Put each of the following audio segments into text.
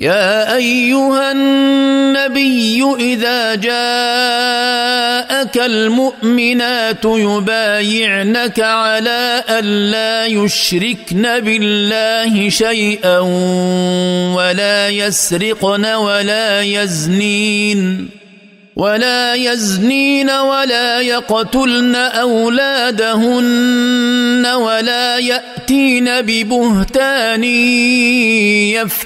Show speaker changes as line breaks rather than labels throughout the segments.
يا ايها النبي اذا جاءك المؤمنات يبايعنك على ان لا يشركن بالله شيئا ولا يسرقن ولا يزنين ولا يزنين ولا يقتلن اولادهن ولا يأتين ياتين ببهتان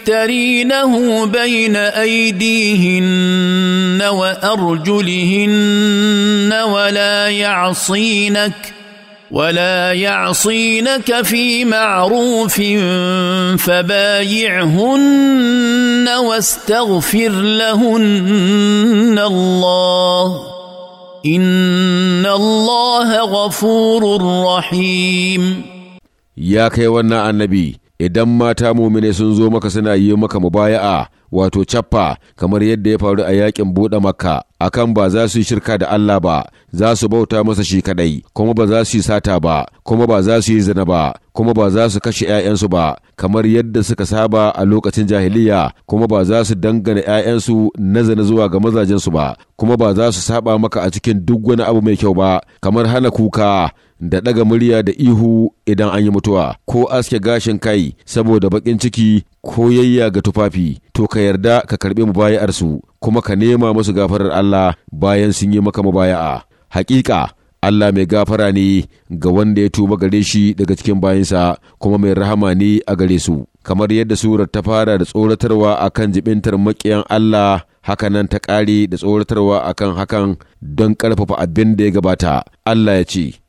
يفترينه بين ايديهن وارجلهن ولا يعصينك ولا يعصينك في معروف فبايعهن واستغفر لهن الله ان الله غفور رحيم
ya kai wannan annabi idan mata mumine sun zo maka suna yi maka mubaya'a wato cappa kamar yadda ya faru a yakin buɗe makka akan ba za su yi shirka da Allah ba za su bauta masa shi kadai kuma ba za su yi sata ba kuma ba za su yi zina ba kuma ba za su kashe 'ya'yansu ba kamar yadda suka saba a lokacin jahiliya kuma ba za su dangana 'ya'yansu na zina zuwa ga mazajensu ba kuma ba za su saba maka a cikin duk wani abu mai kyau ba kamar hana kuka da ɗaga murya da ihu idan an yi mutuwa ko aske gashin kai saboda baƙin ciki koyayya ga tufafi to ka yarda ka karɓi su kuma ka nema musu gafarar Allah bayan sun yi maka mubaya'a hakika Allah mai gafara ne ga wanda ya tuba gare shi daga cikin bayansa kuma mai rahama ne a gare su kamar yadda surar ta fara da tsoratarwa a kan jibintar makiyan Allah haka nan ta ƙare da tsoratarwa a kan hakan don ƙarfafa abin da ya gabata Allah ya ce